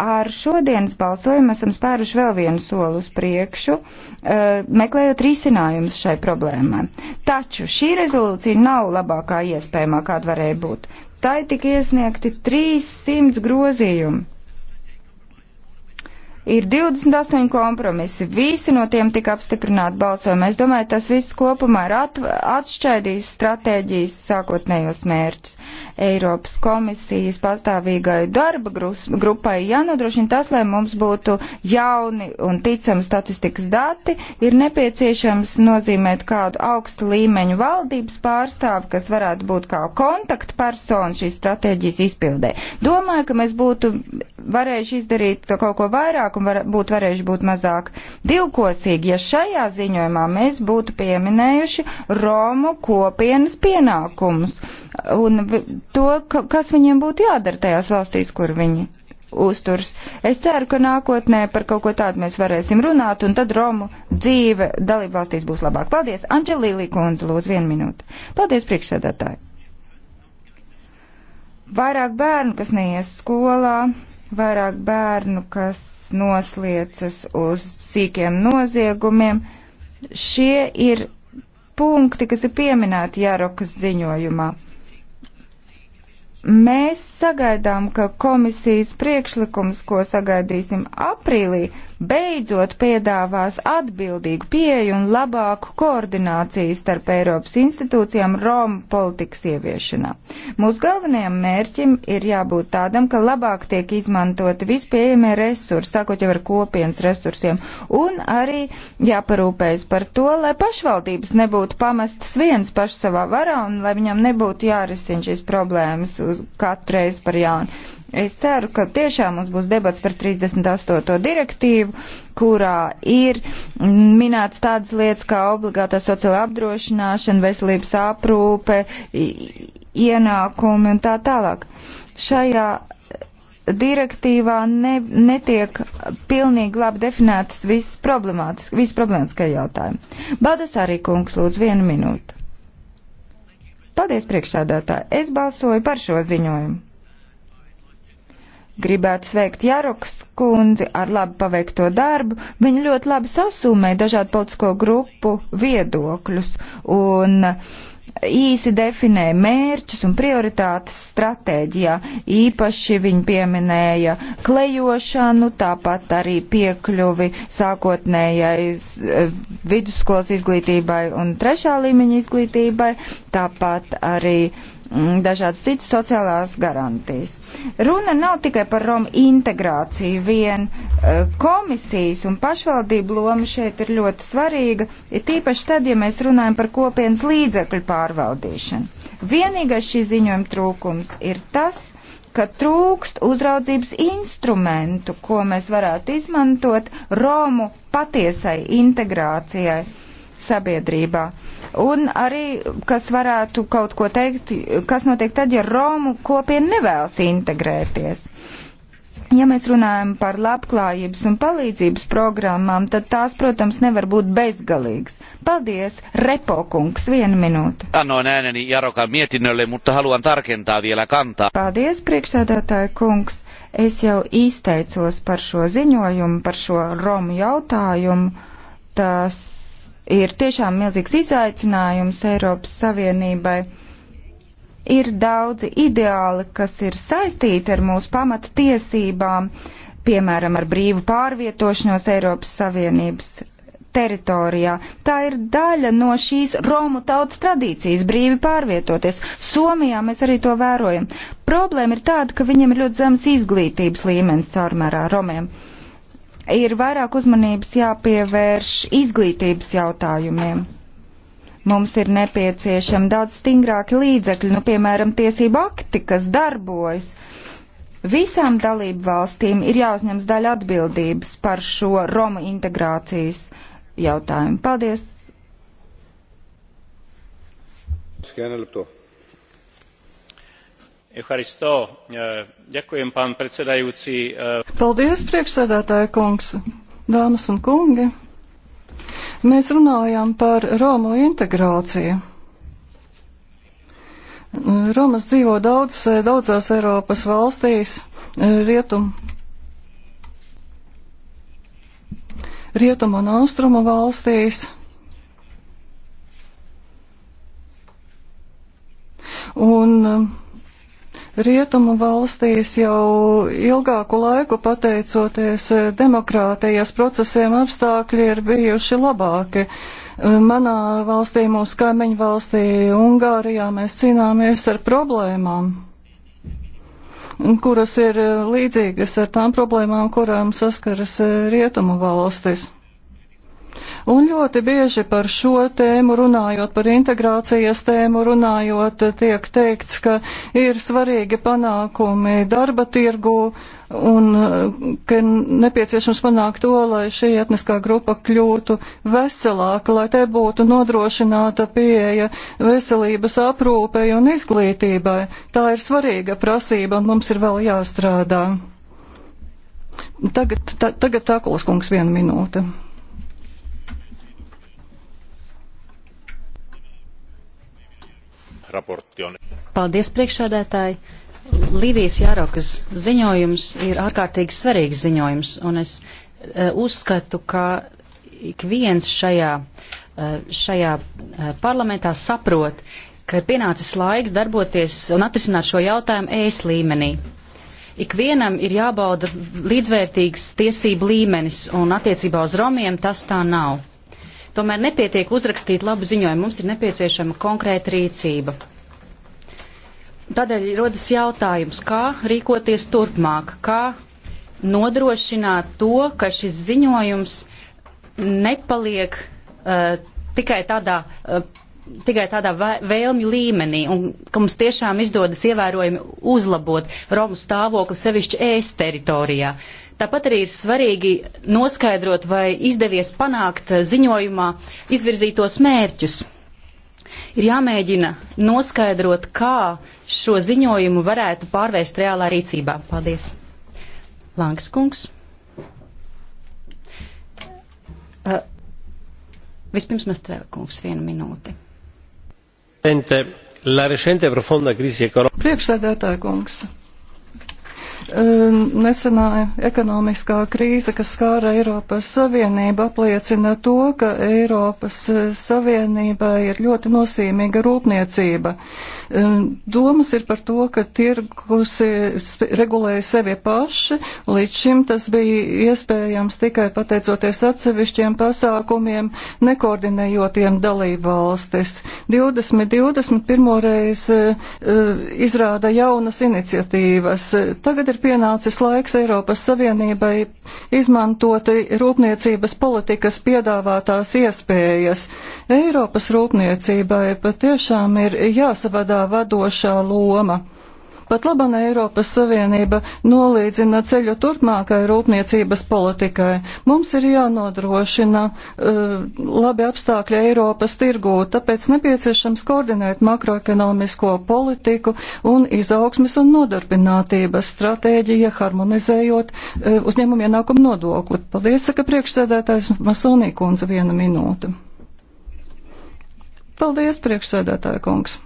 Ar šodienas balsojumu esam spēruši vēl vienu soli uz priekšu, eh, meklējot risinājumus šai problēmai. Taču šī rezolūcija nav labākā iespējamā, kāda varēja būt. Tai tika iesniegti 300 grozījumi. Ir 28 kompromisi, visi no tiem tika apstiprināti balsojumā. Es domāju, tas viss kopumā ir at, atšķaidījis stratēģijas sākotnējos mērķus. Eiropas komisijas pastāvīgai darba grus, grupai jānodrošina tas, lai mums būtu jauni un ticami statistikas dati, ir nepieciešams nozīmēt kādu augstu līmeņu valdības pārstāvu, kas varētu būt kā kontaktpersona šīs stratēģijas izpildē. Domāju, ka mēs būtu varējuši izdarīt kaut ko vairāk pasākumi var, būtu varējuši būt mazāk divkosīgi, ja šajā ziņojumā mēs būtu pieminējuši Romu kopienas pienākumus un to, ka, kas viņiem būtu jādara tajās valstīs, kur viņi uzturs. Es ceru, ka nākotnē par kaut ko tādu mēs varēsim runāt, un tad Romu dzīve dalībvalstīs būs labāk. Paldies, Anģelīlī kundze, lūdzu, vienu minūti. Paldies, priekšsēdētāji. Vairāk bērnu, kas neies skolā, vairāk bērnu, kas nosliecas uz sīkiem noziegumiem. Šie ir punkti, kas ir pieminēti Jārokas ziņojumā. Mēs sagaidām, ka komisijas priekšlikums, ko sagaidīsim aprīlī, beidzot piedāvās atbildīgu pieeju un labāku koordināciju starp Eiropas institūcijām Roma politikas ieviešanā. Mūsu galvenajam mērķim ir jābūt tādam, ka labāk tiek izmantoti vispieejamie resursi, sākot jau ar kopienas resursiem, un arī jāparūpējas par to, lai pašvaldības nebūtu pamestas viens pašs savā varā un lai viņam nebūtu jārisina šīs problēmas katru reizi par jaunu. Es ceru, ka tiešām mums būs debats par 38. direktīvu, kurā ir minēts tādas lietas kā obligātā sociāla apdrošināšana, veselības aprūpe, ienākumi un tā tālāk. Šajā direktīvā ne, netiek pilnīgi labi definētas visas problemātiskie jautājumi. Badas arī kungs, lūdzu, vienu minūtu. Paldies, priekšsādātāji. Es balsoju par šo ziņojumu Gribētu sveikt Jaroks kundzi ar labi paveikto darbu. Viņa ļoti labi sasūmē dažādu politisko grupu viedokļus un īsi definē mērķus un prioritātes stratēģijā. Īpaši viņa pieminēja klejošanu, tāpat arī piekļuvi sākotnējai e, vidusskolas izglītībai un trešā līmeņa izglītībai, tāpat arī Mm, dažādas citas sociālās garantijas. Runa nav tikai par Romu integrāciju vien. Eh, komisijas un pašvaldību loma šeit ir ļoti svarīga, ir tīpaši tad, ja mēs runājam par kopienas līdzekļu pārvaldīšanu. Vienīgais šī ziņojuma trūkums ir tas, ka trūkst uzraudzības instrumentu, ko mēs varētu izmantot Romu patiesai integrācijai sabiedrībā. Uh, Un arī, kas varētu kaut ko teikt, kas notiek tad, ja Romu kopiena nevēlas integrēties. Ja mēs runājam par labklājības un palīdzības programmām, tad tās, protams, nevar būt bezgalīgas. Paldies, Repokungs, vienu minūtu. Annoin ääneni Jaroka mietinnölle, mutta haluan tarkentaa vielä kantaa. Paldies, priekšsēdētāja kungs. Es jau izteicos par šo ziņojumu, par šo Romu jautājumu. Tas ir tiešām milzīgs izaicinājums Eiropas Savienībai. Ir daudzi ideāli, kas ir saistīti ar mūsu pamata tiesībām, piemēram, ar brīvu pārvietošanos Eiropas Savienības teritorijā. Tā ir daļa no šīs Romu tautas tradīcijas brīvi pārvietoties. Somijā mēs arī to vērojam. Problēma ir tāda, ka viņiem ir ļoti zems izglītības līmenis caurmērā Romiem. Uh, ir vairāk uzmanības jāpievērš izglītības jautājumiem. Mums ir nepieciešami daudz stingrāki līdzekļi, nu, piemēram, tiesību akti, kas darbojas. Visām dalību valstīm ir jāuzņems daļa atbildības par šo Roma integrācijas jautājumu. Paldies! Skenelipto. E, ďakujem, pán predsedajúci. E, Paldies, priekšsēdētāja kungs, dāmas un kungi. Mēs runājam par Romu integrāciju. Romas dzīvo daudz, daudzās Eiropas valstīs, e, rietum, rietum un austrumu valstīs. Un Rietumu valstīs jau ilgāku laiku pateicoties demokrātijas procesiem apstākļi ir bijuši labāki. Manā valstī, mūsu kaimiņu valstī, Ungārijā, mēs cīnāmies ar problēmām kuras ir līdzīgas ar tām problēmām, kurām saskaras rietumu valstis. Un ļoti bieži par šo tēmu runājot, par integrācijas tēmu runājot, tiek teikts, ka ir svarīgi panākumi darba tirgu un uh, ka ir nepieciešams panākt to, lai šī etniskā grupa kļūtu veselāka, lai te būtu nodrošināta pieeja veselības aprūpei un izglītībai. Tā ir svarīga prasība un mums ir vēl jāstrādā. Tagad, ta, tagad Tākulas kungs viena minūte. raportti on. Paldies, priekšsēdētāji! Līvijas Jārokas ziņojums ir ārkārtīgi svarīgs ziņojums, un es uh, uzskatu, ka ik viens šajā, uh, šajā uh, parlamentā saprot, ka ir pienācis laiks darboties un atrisināt šo jautājumu ēs līmenī. Ikvienam ir jābauda līdzvērtīgs tiesību līmenis, un attiecībā uz romiem tas tā nav. Tomēr nepietiek uzrakstīt labu ziņojumu, mums ir nepieciešama konkrēta rīcība. Tādēļ rodas jautājums, kā rīkoties turpmāk, kā nodrošināt to, ka šis ziņojums nepaliek uh, tikai tādā uh, tikai tādā vēlmju līmenī, un ka mums tiešām izdodas ievērojami uzlabot Romu stāvokli sevišķi ēst teritorijā. Tāpat arī ir svarīgi noskaidrot, vai izdevies panākt eh, ziņojumā izvirzītos mērķus. Ir jāmēģina noskaidrot, kā šo ziņojumu varētu pārvērst reālā rīcībā. Paldies! Langs kungs. Uh, vispirms Mastrēla kungs, viena minūte. Priekšsēdētāja kungs. Ehm, nesenā ekonomiskā krīze, kas skāra Eiropas Savienību, apliecina to, ka Eiropas eh, Savienībai ir ļoti nozīmīga rūpniecība. Ehm, domas ir par to, ka tirgus eh, regulēja sevi paši, līdz šim tas bija iespējams tikai pateicoties atsevišķiem pasākumiem, nekoordinējotiem dalību valstis. 2021. reiz uh, izrāda jaunas iniciatīvas. Tagad ir ir pienācis laiks Eiropas Savienībai izmantot rūpniecības politikas piedāvātās iespējas. Eiropas rūpniecībai patiešām ir jāsavadā vadošā loma. Pat labana Eiropas Savienība nolīdzina ceļu turpmākai rūpniecības politikai. Mums ir jānodrošina uh, labi apstākļi Eiropas tirgū, tāpēc nepieciešams koordinēt makroekonomisko politiku un izaugsmes un nodarbinātības stratēģija, harmonizējot uh, uzņēmumu ienākumu nodokli. Paldies, saka priekšsēdētājs Masonī kundze viena minūte. Paldies, priekšsēdētāja kungs.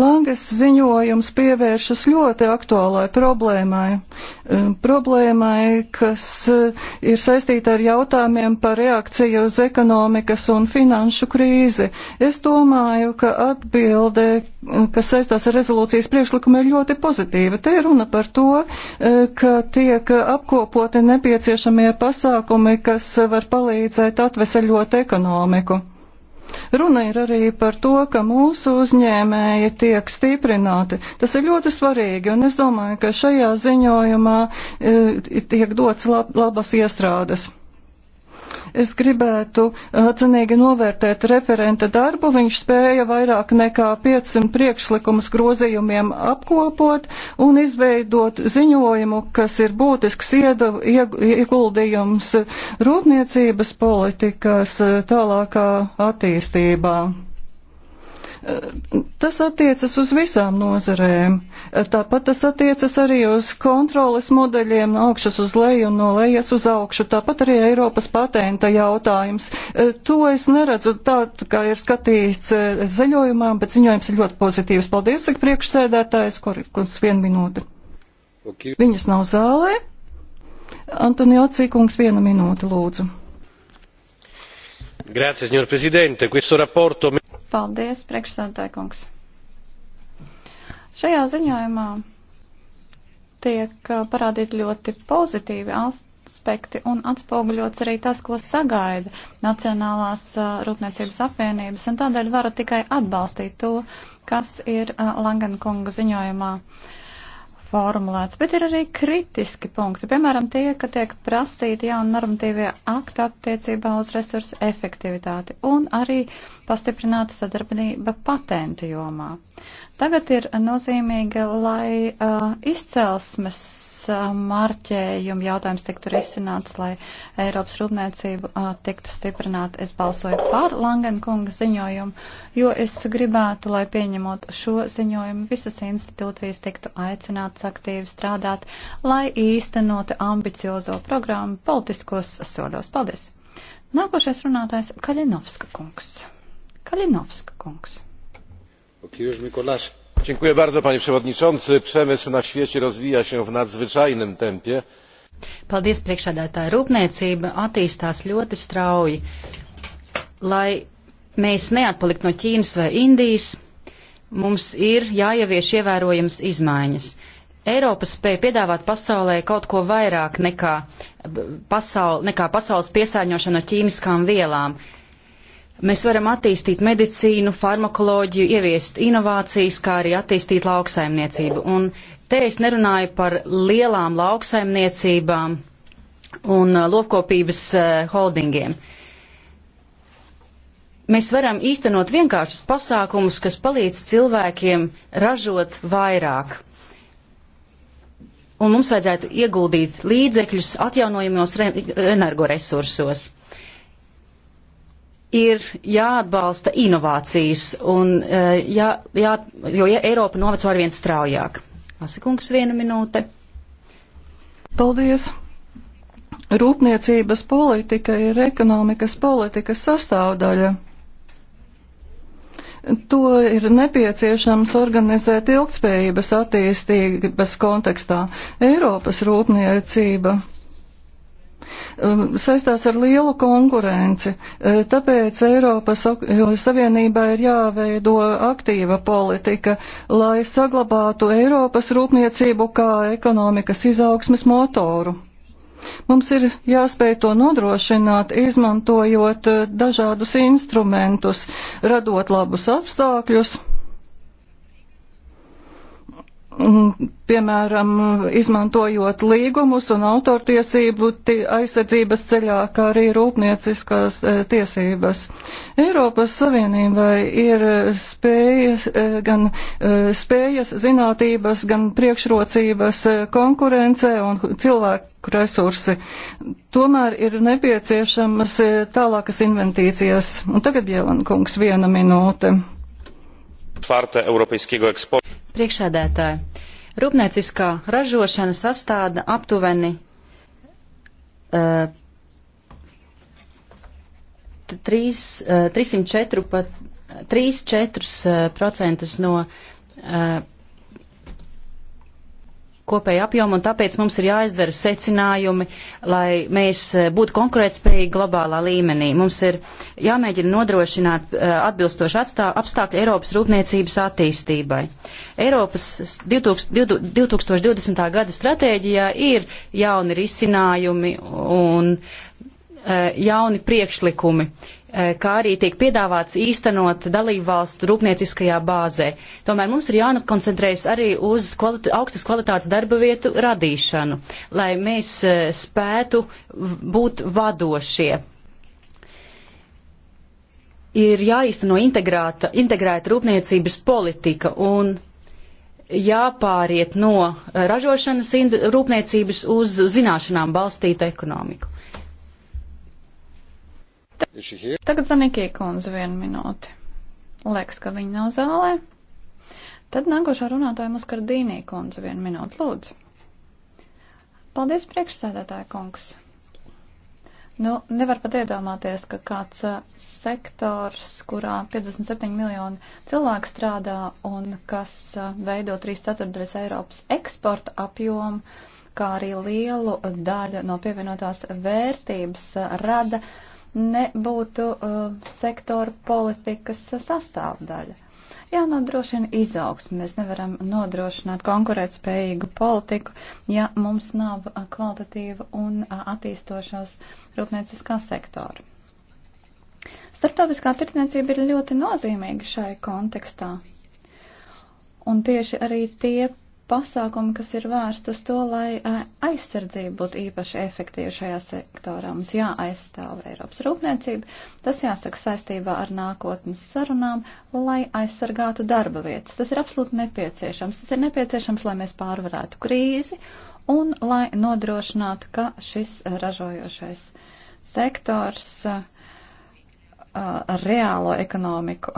Langas ziņojums pievēršas ļoti aktuālai problēmai. Ehm, problēmai, kas eh, ir saistīta ar jautājumiem par reakciju uz ekonomikas un finanšu krīzi. Es domāju, ka atbilde, eh, kas saistās ar rezolūcijas priekšlikumu, ir ļoti pozitīva. Te ir runa par to, eh, ka tiek apkopoti nepieciešamie pasākumi, kas var palīdzēt atveseļot ekonomiku. Runa ir arī par to, ka mūsu uzņēmēji tiek stiprināti. Tas ir ļoti svarīgi, un es domāju, ka šajā ziņojumā eh, tiek dots lab labas iestrādes. Es gribētu cenīgi novērtēt referenta darbu. Viņš spēja vairāk nekā 500 priekšlikumus grozījumiem apkopot un izveidot ziņojumu, kas ir būtisks iedav, ieguldījums rūpniecības politikas tālākā attīstībā. Tas attiecas uz visām nozarēm. Tāpat tas attiecas arī uz kontroles modeļiem no augšas uz leju un no lejas uz augšu. Tāpat arī Eiropas patenta jautājums. To es neredzu tā, kā ir skatīts eh, zaļojumā, bet ziņojums ir ļoti pozitīvs. Paldies, saka priekšsēdētājs, kur, kur vienu minūti. Okay. Viņas nav zālē. Antonio Cīkungs, viena minūte, lūdzu. Grazie, signor Presidente. Questo rapporto... Paldies, priekšsēdētāji kungs. Šajā ziņojumā tiek uh, parādīti ļoti pozitīvi aspekti un atspoguļots arī tas, ko sagaida Nacionālās uh, Rūpniecības apvienības, un tādēļ varu tikai atbalstīt to, kas ir uh, Langana kunga ziņojumā. Uh, formulēts, bet ir arī kritiski punkti. Piemēram, tie, ka tiek prasīti jauni normatīvie akti attiecībā uz resursu efektivitāti un arī pastiprināta sadarbība patentu jomā. Tagad ir nozīmīgi, lai uh, izcelsmes Uh, marķējuma jautājums tiktu risināts, lai Eiropas rūpniecība uh, tiktu stiprināta. Es balsoju par Langenkunga ziņojumu, jo es gribētu, lai pieņemot šo ziņojumu visas institūcijas tiktu aicināts aktīvi strādāt, lai īstenotu ambiciozo programmu politiskos soļos. Paldies! Nākošais runātājs Kaļinovska kungs. Kaļinovska kungs. Kļūž Mikolāša panie przewodniczący! przemysł na świecie rozwija się w nadzwyczajnym tempie. Paldies, priekšsēdētāji. Rūpniecība attīstās ļoti strauji. Lai mēs neatpaliktu no Ķīnas vai Indijas, mums ir jāievieš ievērojams izmaiņas. Eiropa spēja piedāvāt pasaulē kaut ko vairāk nekā, pasaul, nekā pasaules piesārņošana no ķīmiskām vielām. Mēs varam attīstīt medicīnu, farmakoloģiju, ieviest inovācijas, kā arī attīstīt lauksaimniecību. Un te es nerunāju par lielām lauksaimniecībām un uh, lopkopības uh, holdingiem. Mēs varam īstenot vienkāršus pasākumus, kas palīdz cilvēkiem ražot vairāk un mums vajadzētu ieguldīt līdzekļus atjaunojamos energoresursos ir jāatbalsta inovācijas, un, eh, jā, jā, jo ja Eiropa noveco arvien straujāk. Asikungs, viena minūte. Paldies! Rūpniecības politika ir ekonomikas politikas sastāvdaļa. To ir nepieciešams organizēt ilgspējības attīstības kontekstā. Eiropas rūpniecība Um, saistās ar lielu konkurenci. Uh, tāpēc Eiropas uh, Savienībā ir jāveido aktīva politika, lai saglabātu Eiropas rūpniecību kā ekonomikas izaugsmes motoru. Mums ir jāspēj to nodrošināt, izmantojot uh, dažādus instrumentus, radot labus apstākļus Mm, piemēram, izmantojot līgumus un autortiesību aizsardzības ceļā, kā arī rūpnieciskās eh, tiesības. Eiropas Savienībai ir spējas, eh, gan eh, spējas, zinātības, gan priekšrocības konkurencē un cilvēku resursi. Tomēr ir nepieciešamas tālākas inventīcijas. Un tagad, Jēlan kungs, viena minūte. Čvārta europeiskiego eksporta Priekšsēdētāji, rūpnieciskā ražošana sastāda aptuveni uh, 3, uh, 304 pat 3-4% eh, no uh, kopēju apjomu, un tāpēc mums ir jāizdara secinājumi, lai mēs eh, būtu konkurētspējīgi globālā līmenī. Mums ir jāmēģina nodrošināt eh, atbilstoši apstākļi Eiropas rūpniecības attīstībai. Eiropas 2000, 2020. gada stratēģijā ir jauni risinājumi un eh, jauni priekšlikumi. Uh, E, kā arī tiek piedāvāts īstenot dalību valstu rūpnieciskajā bāzē. Tomēr mums ir jākoncentrējas arī uz kvalit augstas kvalitātes darba vietu radīšanu, lai mēs e, spētu būt vadošie. Ir jāīsteno integrēta, integrēta rūpniecības politika un jāpāriet no ražošanas rūpniecības uz zināšanām balstītu ekonomiku. Tagad Zanikī kundze vienu minūti. Liekas, ka viņa nav zālē. Tad nākošā runātāja mums kardīnī kundze vienu minūti lūdzu. Paldies, priekšsēdētāja kungs. Nu, nevar pat iedomāties, ka kāds eh, sektors, kurā 57 miljoni cilvēku strādā un kas eh, veido 3 ceturtdaļas Eiropas eksporta apjomu, kā arī lielu daļu no pievienotās vērtības eh, rada uh, nebūtu uh, sektora politikas sastāvdaļa. Jānodrošina izaugsme. Mēs nevaram nodrošināt konkurētspējīgu politiku, ja mums nav uh, kvalitatīva un uh, attīstošos rūpnieciskā sektora. Startautiskā tirdzniecība ir ļoti nozīmīga šai kontekstā. Un tieši arī tie pasākumi, kas ir vērsti uz to, lai e, aizsardzība būtu īpaši efektīva šajā sektorā. Mums jāaizstāv Eiropas rūpniecība, tas jāsaka saistībā ar nākotnes sarunām, lai aizsargātu darba vietas. Tas ir absolūti nepieciešams. Tas ir nepieciešams, lai mēs pārvarētu krīzi un lai nodrošinātu, ka šis ražojošais sektors e, e, reālo ekonomiku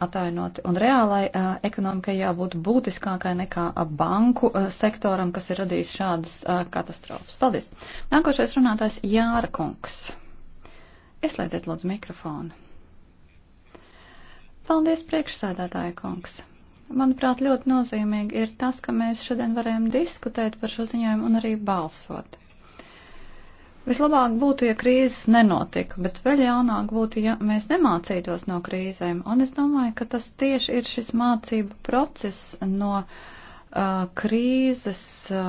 atainoti. Un reālai uh, ekonomikai jābūt būtiskākai nekā banku uh, sektoram, kas ir radījis šādas uh, katastrofas. Paldies. Nākošais runātājs Jāra Kungs. Ieslēdziet lūdzu mikrofonu. Paldies, priekšsēdētāja Kungs. Manuprāt, ļoti nozīmīgi ir tas, ka mēs šodien varējām diskutēt par šo ziņojumu un arī balsot. Vislabāk būtu, ja krīzes nenotika, bet vēl ļaunāk būtu, ja mēs nemācītos no krīzēm. Un es domāju, ka tas tieši ir šis mācību process no uh, krīzes, uh,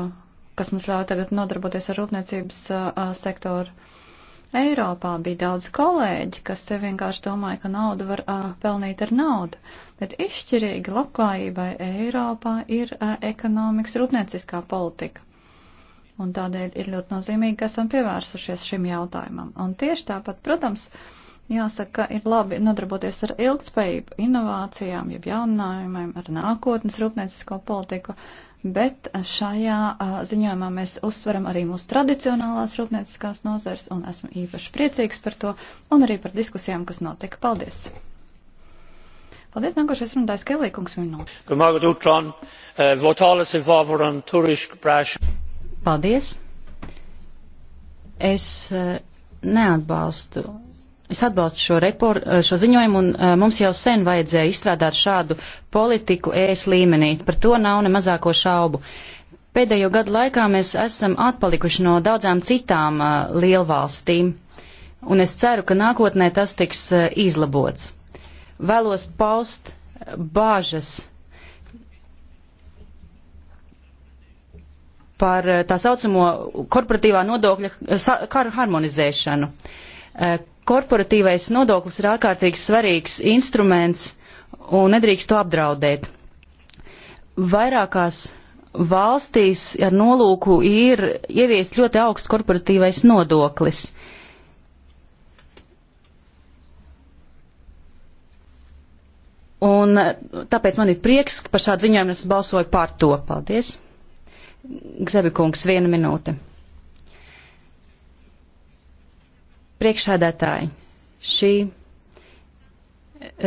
kas mums ļauj tagad nodarboties ar rūpniecības uh, sektoru. Eiropā bija daudz kolēģi, kas te vienkārši domāja, ka naudu var uh, pelnīt ar naudu, bet izšķirīgi labklājībai Eiropā ir uh, ekonomikas rūpnieciskā politika Un tādēļ ir ļoti nozīmīgi, ka esam pievērsušies šim jautājumam. Un tieši tāpat, protams, jāsaka, ka ir labi nodarboties ar ilgspējību, inovācijām, jeb jauninājumiem, ar nākotnes rūpniecisko politiku, bet šajā ziņojumā mēs uzsveram arī mūsu tradicionālās rūpnieciskās nozars, un esmu īpaši priecīgs par to, un arī par diskusijām, kas notika. Paldies! Paldies, nākošais runātājs Kelīkungs minūte. Paldies! Es eh, neatbalstu. Es atbalstu šo, repor, eh, šo ziņojumu un eh, mums jau sen vajadzēja izstrādāt šādu politiku ēs e līmenī. Par to nav ne mazāko šaubu. Pēdējo gadu laikā mēs esam atpalikuši no daudzām citām uh, lielvalstīm, un es ceru, ka nākotnē tas tiks uh, izlabots. Vēlos paust bāžas par eh, tā saucamo korporatīvā nodokļa eh, karu harmonizēšanu. Eh, korporatīvais nodoklis ir ārkārtīgi svarīgs instruments un nedrīkst to apdraudēt. Vairākās valstīs ar nolūku ir ieviest ļoti augsts korporatīvais nodoklis. Un tāpēc man ir prieks, ka par šādu ziņojumu es balsoju pār to. Paldies! Gzebikungs, viena minūte. Priekšsēdētāji, šī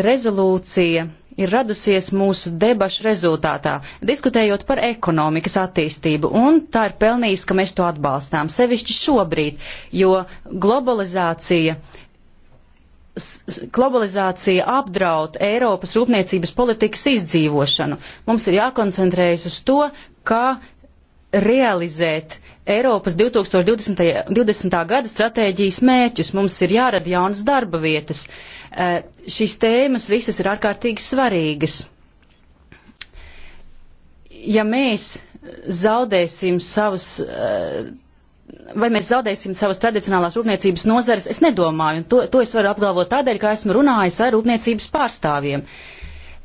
rezolūcija ir radusies mūsu debašu rezultātā, diskutējot par ekonomikas attīstību, un tā ir pelnījis, ka mēs to atbalstām, sevišķi šobrīd, jo globalizācija, globalizācija apdraud Eiropas rūpniecības politikas izdzīvošanu. Mums ir jākoncentrējas uz to, kā realizēt Eiropas 2020. 20. gada stratēģijas mērķus. Mums ir jārada jaunas darba vietas. Eh, šīs tēmas visas ir ārkārtīgi svarīgas. Ja mēs zaudēsim savus eh, vai mēs zaudēsim savas tradicionālās rūpniecības nozares, es nedomāju, un to, to es varu apgalvot tādēļ, ka esmu runājis ar rūpniecības pārstāvjiem. Uh,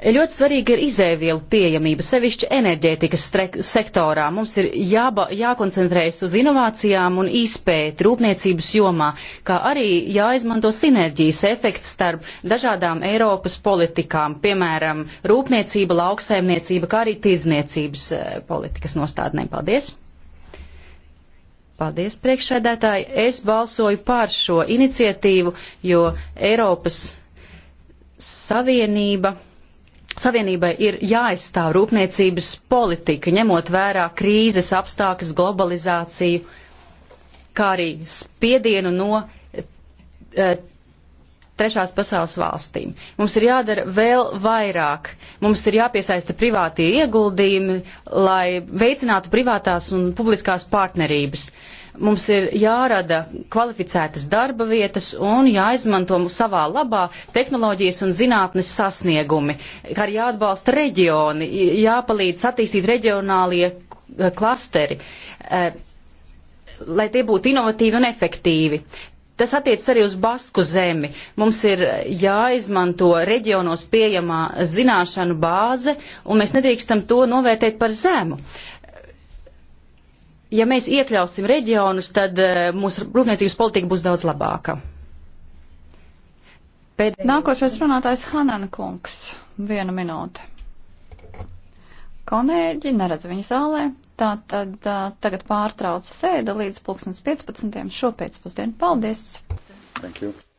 Ļoti svarīgi ir izēvielu pieejamība, sevišķi enerģētikas sektorā. Mums ir jāba, jākoncentrējas uz inovācijām un izpēti rūpniecības jomā, kā arī jāizmanto sinerģijas efekts starp dažādām Eiropas politikām, piemēram, rūpniecība, lauksaimniecība, kā arī tirzniecības eh, politikas nostādnēm. Paldies! Paldies, priekšsēdētāji! Es balsoju pār šo iniciatīvu, jo Eiropas Savienība Savienībai ir jāaizstāv rūpniecības politika, ņemot vērā krīzes apstākļus, globalizāciju, kā arī spiedienu no e, trešās pasaules valstīm. Mums ir jādara vēl vairāk. Mums ir jāpiesaista privātie ieguldījumi, lai veicinātu privātās un publiskās partnerības. Uh, Mums ir jārada kvalificētas darba vietas un jāizmanto savā labā tehnoloģijas un zinātnes sasniegumi, kā arī jāatbalsta reģioni, jāpalīdz attīstīt reģionālie klasteri, eh, lai tie būtu inovatīvi un efektīvi. Tas attiecas arī uz Basku zemi. Mums ir jāizmanto reģionos pieejamā zināšanu bāze, un mēs nedrīkstam to novērtēt par zemu ja mēs iekļausim reģionus, tad eh, mūsu rūpniecības politika būs daudz labāka. Pēdējais. Nākošais runātājs Hanan Kungs. Viena minūte. Konēģi neredz viņu zālē, tā tad uh, tagad pārtrauca sēda līdz pulkstens 15. šo pēcpusdienu. Paldies! Thank you.